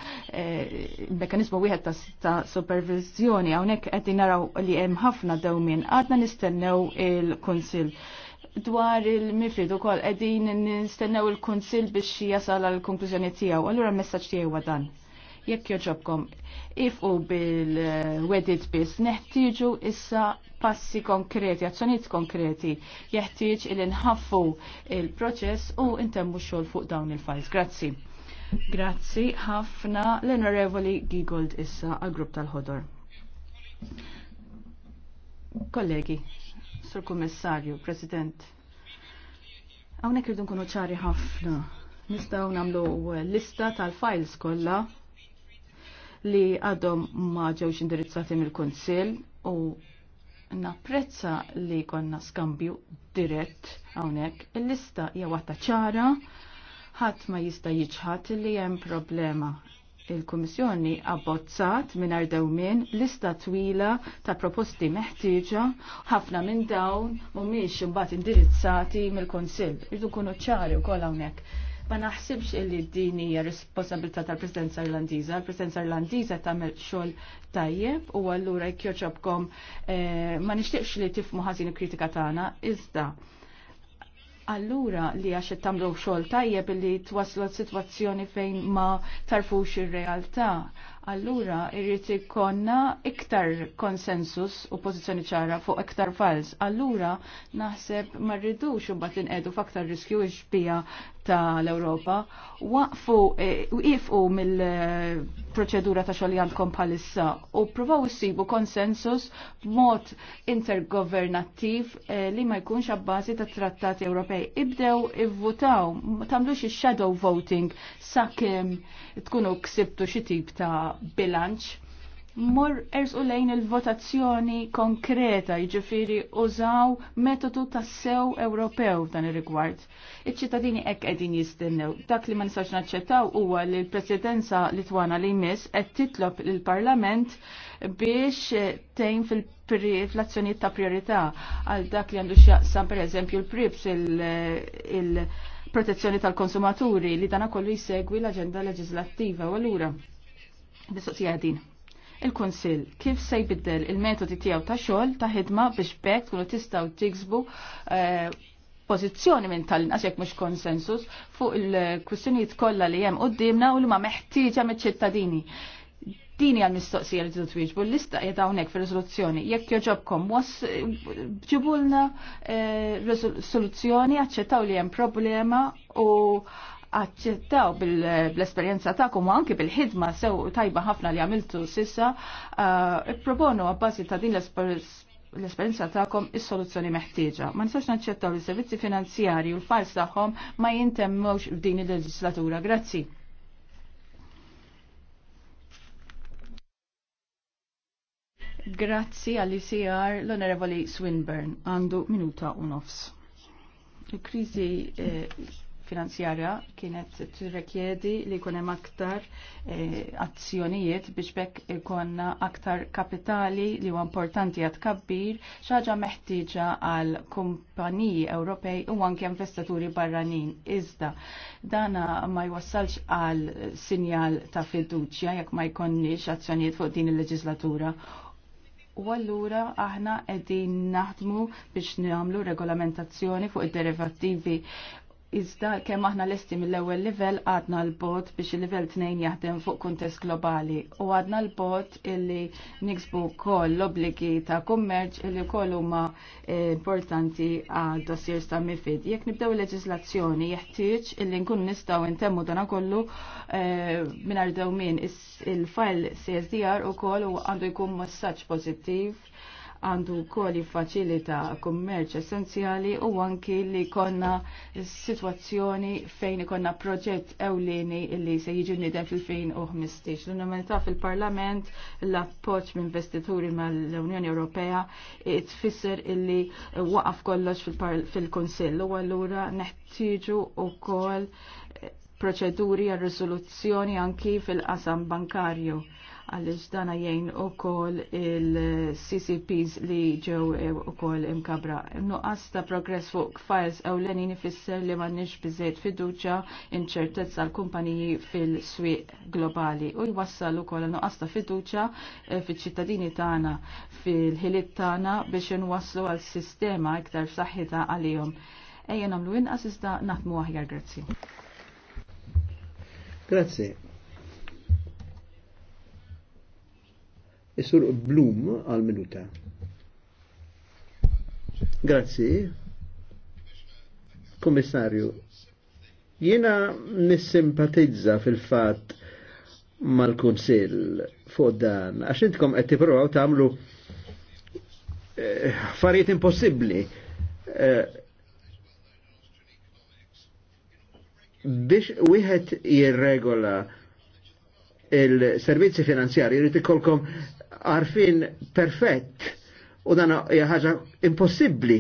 il-mekanizmu wieħed ta' supervizjoni hawnhekk qed naraw li hemm ħafna dewmien għadna nistennew il-Kunsill dwar il mifrid u koll edin nistennew il kunsill biex jasal għal konklużjoni tiegħu. Allura tiegħu tijaw dan. Jekk joġobkom, ifqu bil wedded biss neħtieġu issa passi konkreti, azzjoniet konkreti, jeħtieġ il-inħaffu il-proċess u intemmu xogħol fuq dawn il files Grazzi. Grazzi ħafna l-Onorevoli Gigold issa għal-grupp tal-ħodor. Kollegi, Sur Kummissarju, President, għawnek irdu nkunu ċari ħafna. Nistaw namlu lista tal-files kollha li għadhom ma ġewx indirizzati mill-Kunsill u napprezza li konna skambju dirett hawnhekk. Il-lista hija waħda ċara ħadd ma jista' jiġħad li hemm problema. Il-Kummissjoni abbozzat mingħajr dewmien lista twila ta' proposti meħtieġa, ħafna minn dawn mhumiex imbagħad indirizzati mill-Kunsill. Irdu kunu ċari wkoll hawnhekk. Ma naħsibx illi din hija responsabilità tal-Presidenza Irlandiża. Il-Presidenza Irlandiża tagħmel xogħol tajjeb u allura jkjoċobkom eh, ma nixtieqx li tifmu ħażin kritika tagħna iżda allura li għax tamlu xogħol tajjeb li twaslu situazzjoni fejn ma tarfux ir-realtà Allura irrit ikonna iktar konsensus u pożizzjoni ċara fuq iktar fals. Allura naħseb ma rridux u bat inqedu f'aktar riskju xbija tal-Ewropa. Waqfu ifqu e, mill-proċedura ta' xogħol għandkom bħalissa u provaw issibu konsensus b'mod intergovernattiv e, li ma jkunx abbażi ta' trattati Ewropej. Ibdew ivvutaw, tamlux ix-shadow voting kem tkunu ksibtu xi tip ta' bilanċ. Mor erżu lejn il-votazzjoni konkreta, jiġifieri użaw metodu tas sew Ewropew dan ir-rigward. Iċ-ċittadini hekk qegħdin jistennew. Dak li ma nistax naċċettaw huwa li l-Presidenza Litwana li jmiss qed titlob lill-Parlament biex tejn fil-azzjonijiet ta' priorità għal dak li għandu x'jaqsam pereżempju l-prips il-protezzjoni tal-konsumaturi li dana kollu jsegwi l-aġenda leġislattiva u allura Mistoqsija din. Il-Kunsill kif se jbiddel il-metodi tiegħu ta' xogħol ta' ħidma biex bekk tkunu tistgħu tiksbu eh, pożizzjoni minn tal-inqas jekk mhux konsensus fuq il-kwistjonijiet kollha li hemm quddiemna u li ma meħtieġa miċ-ċittadini. Dini għal mistoqsija li tidu twieġbu l-lista qiegħed hawnhekk fir-riżoluzzjoni. Jekk joġobkom ġibulna eh, soluzzjoni aċċettaw li hemm problema u aċċettaw bil-esperienza ta'kom u anki bil-ħidma sew tajba ħafna li għamiltu sissa, uh, proponu għabbażi ta' din l-esperienza ta'kom is-soluzzjoni meħtieġa. Ma nistax naċċettaw li servizzi finanzjari u l-fals tagħhom ma jintemmux f'din il-leġislatura. Grazzi. Grazzi għall-ICR l-Onorevoli Swinburne għandu minuta u nofs. Il-krizi eh, finanzjarja kienet t-rekjedi li kunem aktar eh, azzjonijiet biex bekk ikonna aktar kapitali li huwa importanti għat kabbir xaġa meħtieġa għal kumpaniji Ewropej u anke investaturi barranin. Iżda dana ma jwassalx għal sinjal ta' fiduċja jekk ma jkonniex azzjonijiet fuq din il-leġislatura U allura aħna qegħdin naħdmu biex nagħmlu regolamentazzjoni fuq id-derivattivi Iżda kemm aħna lesti mill-ewwel livell għadna l-bot biex il-livell tnejn jaħdem fuq kuntest globali u għadna l-bot illi niksbu wkoll l-obbligi ta' kummerċ illi wkoll huma eh, importanti għal dossiers ta' MIFID. Jekk nibdew il-leġislazzjoni jeħtieġ illi nkun nistgħu intemmu dan kollu eh, mingħajr min il-file CSDR ukoll u għandu jkun massaġġ pożittiv għandu koli faċilita kummerċ essenzjali u anki li konna situazzjoni fejn konna proġett ewlini li se jiġi nidem fil-2015. L-unumanità fil-Parlament l-appoċ minn investituri mal-Unjoni Ewropea tfisser illi waqaf kollox fil-Konsill u għallura neħtieġu u koll proċeduri għal risoluzzjoni anki fil-qasam bankarju għalix dana jgħin u kol il-CCPs li ġew eh, u kol imkabra. Nuqqas ta' progress fuq files ew l ifisser li ma' nix bizzet fiduċa inċertezza l-kumpaniji fil-swiq globali u jwassal u kol nuqqas ta' fiduċa eh, fil-ċittadini tagħna fil ħilit tagħna biex inwasslu għal sistema iktar saħħita għalihom. Ejja nagħmlu inqas iżda naħdmu aħjar grazzi.
Grazie. Isur Blum għal-minuta. Grazzi. Komissarju, jena nissimpatizza fil-fat mal-Kunsil fuq dan, għax intkom qed tippruvaw tagħmlu eh, affarijiet eh, impossibbli. Eh, biex wieħed jirregola il-servizzi finanzjari jrid ikolkom għarfin perfett u dan ħaġa impossibbli.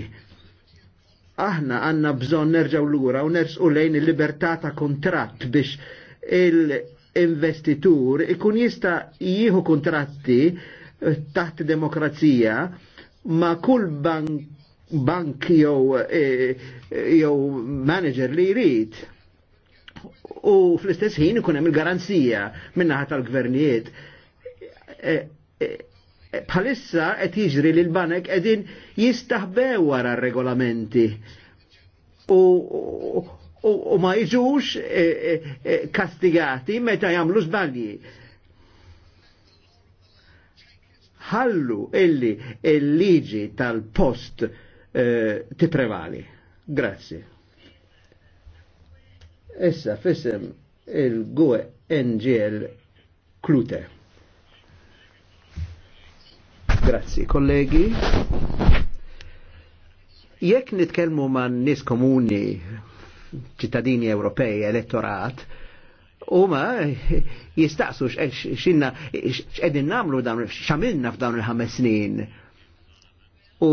Aħna għanna bżon nerġaw lura u u lejn il-libertà ta' kontrat biex il-investitur ikun jista jieħu kontratti taħt demokrazija ma' kull bank bank jew eh, jew manager li jrid. U fl-istess ħin ikun hemm il-garanzija min-naħa tal-gvernijiet. Eh, bħalissa qed jiġri li l-banek qegħdin jistaħbew wara r-regolamenti u, u, u ma jiġux e, e, e, kastigati meta jagħmlu żbalji. Ħallu illi il-liġi tal-post ti prevali. Grazzi. Issa fissem il-GUE NGL Klute. Grazzi, kollegi. Jekk nitkellmu ma' nis komuni, ċittadini Ewropej, elettorat, ma jistaqsu xinna xedin namlu dawn x'għamilna f'dawn il-ħames snin. U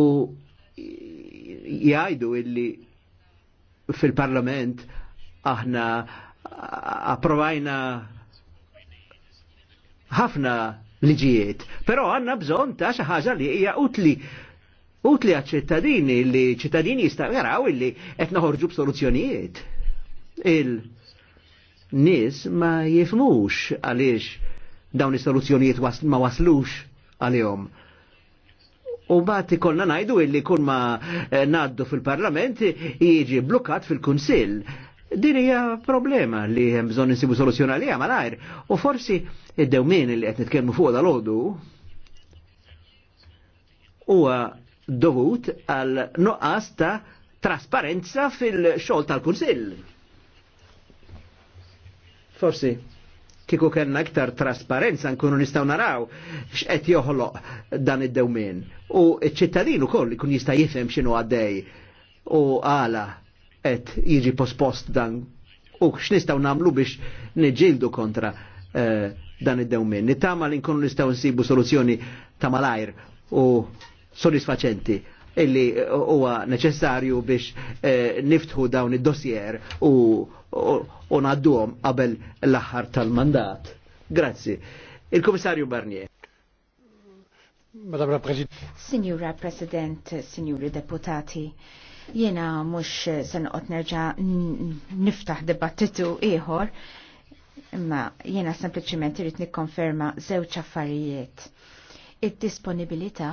jgħidu illi fil-parlament aħna approvajna ħafna liġijiet. Però għanna bżon ta' xi ħaġa li hija utli utli għat ċittadini li ċittadini jistaw jaraw illi qed naħorġu b'soluzzjonijiet. Il-nies ma jifmux għaliex dawn is-soluzzjonijiet ma waslux għalihom. U bati ikollna najdu illi kun ma eh, naddu fil-parlament jieġi blokat fil-kunsill. Din hija problema li hemm bżonn insibu soluzzjoni għalija malajr. U forsi id-dewmien li qed nitkellmu fuq dal huwa dovut għal noqqas ta' trasparenza fil-xogħol tal-Kunsill. Forsi kieku kellna iktar trasparenza nkunu nistgħu naraw x'qed joħloq dan id-dewmien. U ċ-ċittadin ukoll ikun jista' jifhem x'inhu għaddej u għala qed jiġi pospost dan u x'nistgħu nagħmlu biex niġġieldu kontra eh, dan id-dewmin. Nittama li nkunu nistgħu nsibu soluzzjoni ta' malajr u sodisfaċenti illi huwa neċessarju biex eh, niftħu dawn id-dossier u, u, u ngħadduhom qabel l-aħħar tal-mandat. Grazzi. Il-Komissarju Barnier. Madam President.
Signora President, signori deputati, Jena mux sanqot nerġa niftaħ dibattitu ieħor, imma jena sempliciment irrit nikkonferma żewġ affarijiet. Id-disponibilità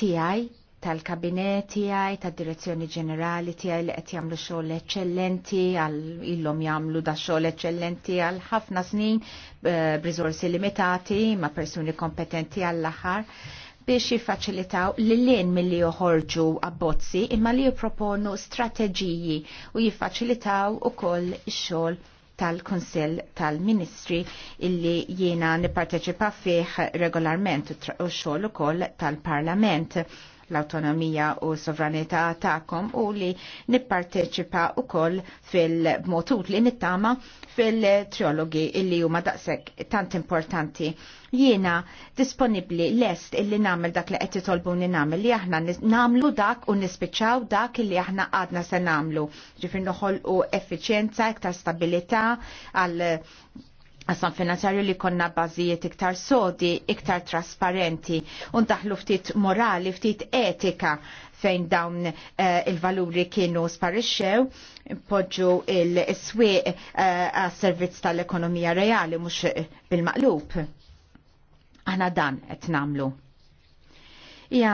tiegħi tal-kabinet tiegħi, tad-direzzjoni ġenerali tiegħi li qed jagħmlu xogħol eċċellenti għal ilhom jagħmlu da xogħol eċċellenti għal ħafna snin eh, b'riżorsi limitati ma' persuni kompetenti għall-aħħar biex jiffaċilitaw li l lien mill-li joħorġu abbozzi imma li jiproponu strateġiji u jiffaċilitaw u koll xol tal-Konsil tal-Ministri illi jiena niparteċipa fih regolarment u xol u koll tal-Parlament l-autonomija u sovranità ta'kom u li nipparteċipa u koll fil-motut li nittama fil-triologi illi huma daqshekk tant importanti. Jiena disponibli lest illi namel dak li qed titolbuni namel li aħna namlu dak u nispiċċaw dak illi aħna għadna se namlu. Ġifir noħolqu effiċjenza, iktar stabilità għal għasan finanzjarju li konna bażijiet iktar sodi, iktar trasparenti, un daħlu ftit morali, ftit etika fejn dawn uh, il-valuri kienu sparixxew, poġġu il-swieq eh, għas uh, servizz tal-ekonomija reali mhux bil-maqlub. Aħna dan qed namlu. Ja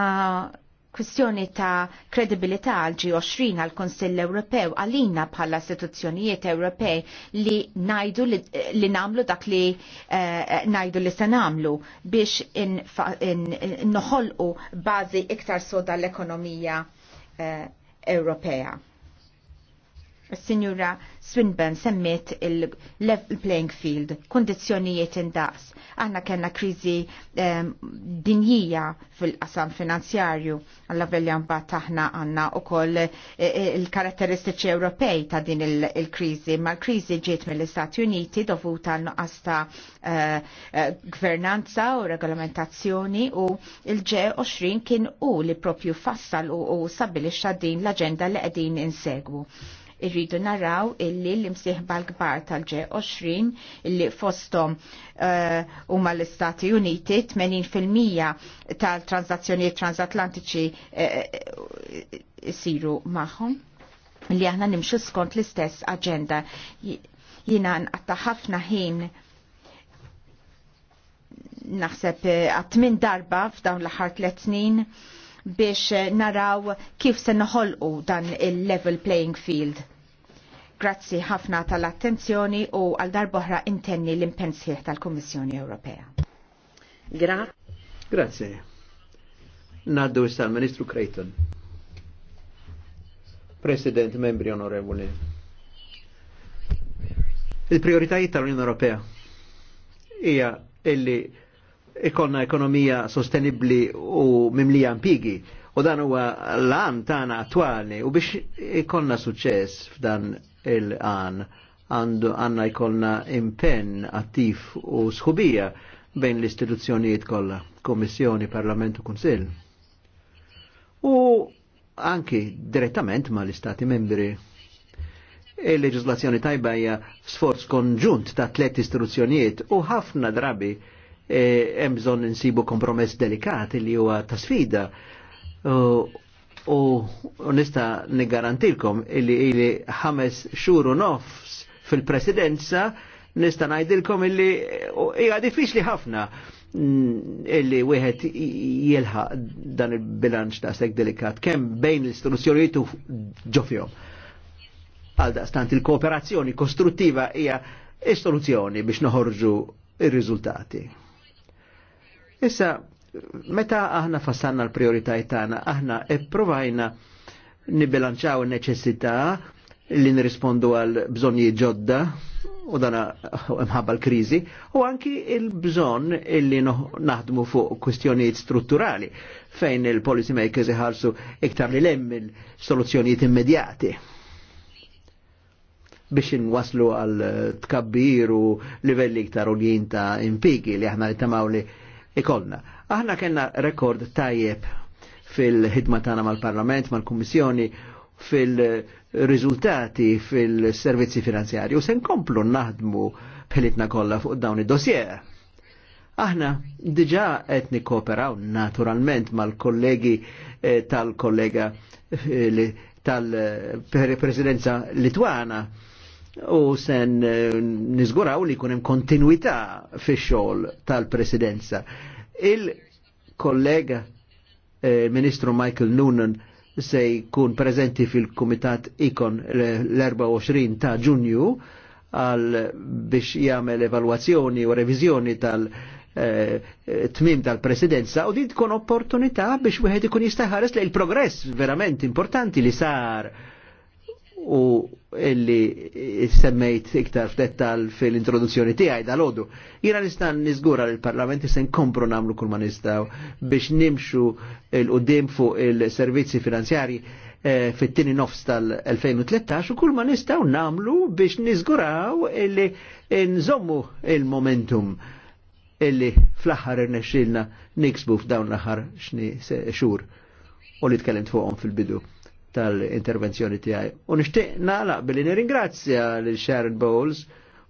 Kwestjoni ta' kredibilità għal G20 għal Konsill Ewropew għalina bħala istituzzjonijiet Ewropej li najdu li, li namlu dak li eh, eh najdu li se namlu biex noħolqu bażi iktar soda l-ekonomija eh, Ewropea. Signora Swinburne semmiet il-playing field, kondizjonijiet indaqs. Aħna kena krizi um, ehm, dinjija fil-qasam finanzjarju, għalla veljan bat taħna għanna u koll eh, eh, il-karatteristiċi Ewropej ta' din il-krizi. Ma' l-krizi ġiet mill-Istati Uniti dovuta nuqqas ta' eh, gvernanza u regolamentazzjoni u il-G20 kien u li propju fassal u stabilixxa din l-agenda li qegħdin insegwu irridu naraw illi l-imsieħba l-kbar tal-G20 illi fostom eh, huma uh, l-Istati Uniti 80% tal transazzjoni transatlantiċi eh, eh, siru uh, magħhom li aħna nimxu skont l-istess agenda. Jina għatta' ħafna ħin naħseb għatmin darba f'dawn l-ħar tliet snin biex eh, naraw kif se noħolqu dan il-level playing field. Grazzi ħafna tal-attenzjoni u għal darboħra intenni l impensiħ tal-Kommissjoni Ewropea.
Gra Grazie. Naddu issa ministru Creighton. President, membri onorevoli. Il-prioritajiet tal-Unjoni Ewropea hija illi ikonna ekonomija sostenibli u mimlija impigi. U dan huwa l-għan tagħna attwali u biex ikonna suċċess f'dan il-għan għandu għanna jkollna impenn attiv u sħubija bejn l-istituzzjonijiet kollha, Kommissjoni, Parlament u Kunsill. U anki direttament ma l-Istati membri il-leġislazzjoni tajba hija sforz konġunt ta' tliet istituzzjonijiet u ħafna drabi E, hemm bżonn insibu kompromess delikat li huwa ta' sfida. U nista' niggarantilkom illi ili ħames xhur u nofs fil-presidenza nista' ngħidilkom illi hija diffiċli ħafna mm, illi wieħed jilħaq dan il-bilanċ ta' sek delikat kemm bejn l istruzzjonijiet u ġofjom. Għal daqstant il-kooperazzjoni kostruttiva hija istruzzjoni soluzzjoni biex noħorġu ir-riżultati. Issa, meta aħna fassanna l-prioritajt tagħna, aħna ipprovajna nibilanċaw il-neċessità li nirrispondu għal bżonji ġodda u dana mħabba l-krizi, u anki il-bżon illi naħdmu fuq kwestjonijiet strutturali fejn il-policy makers iħarsu iktar li lemm il-soluzzjonijiet immedjati biex inwaslu għal tkabbir u livelli iktar u ta' impigi li aħna li tamaw li ikolna. Aħna kena rekord tajjeb fil-ħidma tagħna mal-Parlament, mal-Kummissjoni, fil-riżultati fil-servizzi finanzjarji u se nkomplu naħdmu bħelitna kollha fuq dawn id-dossier. Aħna diġà qed nikkooperaw naturalment mal-kollegi eh, tal-kollega eh, tal-presidenza eh, Litwana u sen eh, nizguraw li kunem kontinuità fi xol tal-presidenza. Il-kollega eh, ministru Michael Noonan se jkun prezenti fil-Kumitat Ikon l-24 ta' ġunju għal biex jagħmel evalwazzjoni u reviżjoni tal- eh, tmim tal-presidenza u din tkun opportunità biex wieħed ikun jistaħares lejn il-progress verament importanti li sar u illi semmejt iktar f'dettal fil-introduzzjoni tiegħi dal ħodu Jina nistan nizgura li l-Parlament se nkompru namlu kull ma biex nimxu l-qudiem fuq il-servizzi finanzjari eh, fit-tini nofs tal-2013 u kull ma nistgħu namlu biex nizguraw illi nżommu il-momentum illi fl-axar irnexxilna niksbu f'dawn l-axar xni xur u li tkellimt fuqhom fil-bidu tal-intervenzjoni tiegħi. U nixtieq nagħlaq billi nirringrazzja lil Sharon Bowles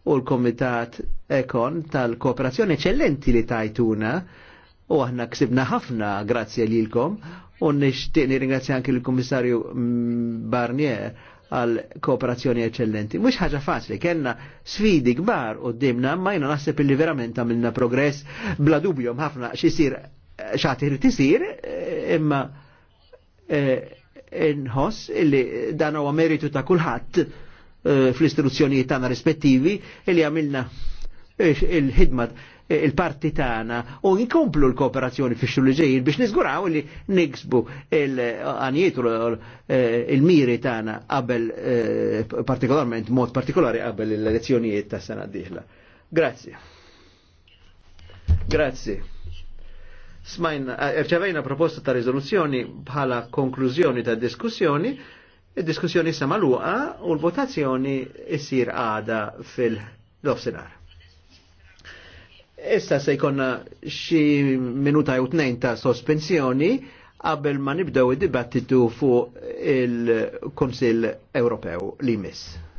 u l-Komitat Ekon tal-kooperazzjoni eccellenti li tajtuna u aħna ksibna ħafna grazzi lilkom u nixtieq nirringrazzja anke l-Kummissarju Barnier għal kooperazzjoni eccellenti. Mhux ħaġa faċli, kellna sfidi kbar qudiemna, ma jiena naħseb illi verament għamilna progress bla dubjom ħafna xisir xagħti tisir imma eh, nħoss illi dan huwa meritu ta' kulħadd eh, fl-istituzzjonijiet tagħna rispettivi illi għamilna il-ħidma il-parti tagħna u nkomplu l-kooperazzjoni fix xhur li biex niżguraw li niksbu l-għanijiet eh, il-miri tagħna qabel eh, partikolarment mod partikolari qabel l-elezzjonijiet tas-sena d-dieħla. Grazie smajna, erċavajna eh, proposta ta' rezoluzzjoni bħala konklużjoni ta' diskussjoni, il-diskussjoni sama luqa u l-votazzjoni issir għada fil-lofsinar. Issa se jkonna xi minuta jew tnejn ta' sospensjoni qabel ma nibdew id-dibattitu fuq il-Konsil Ewropew li miss.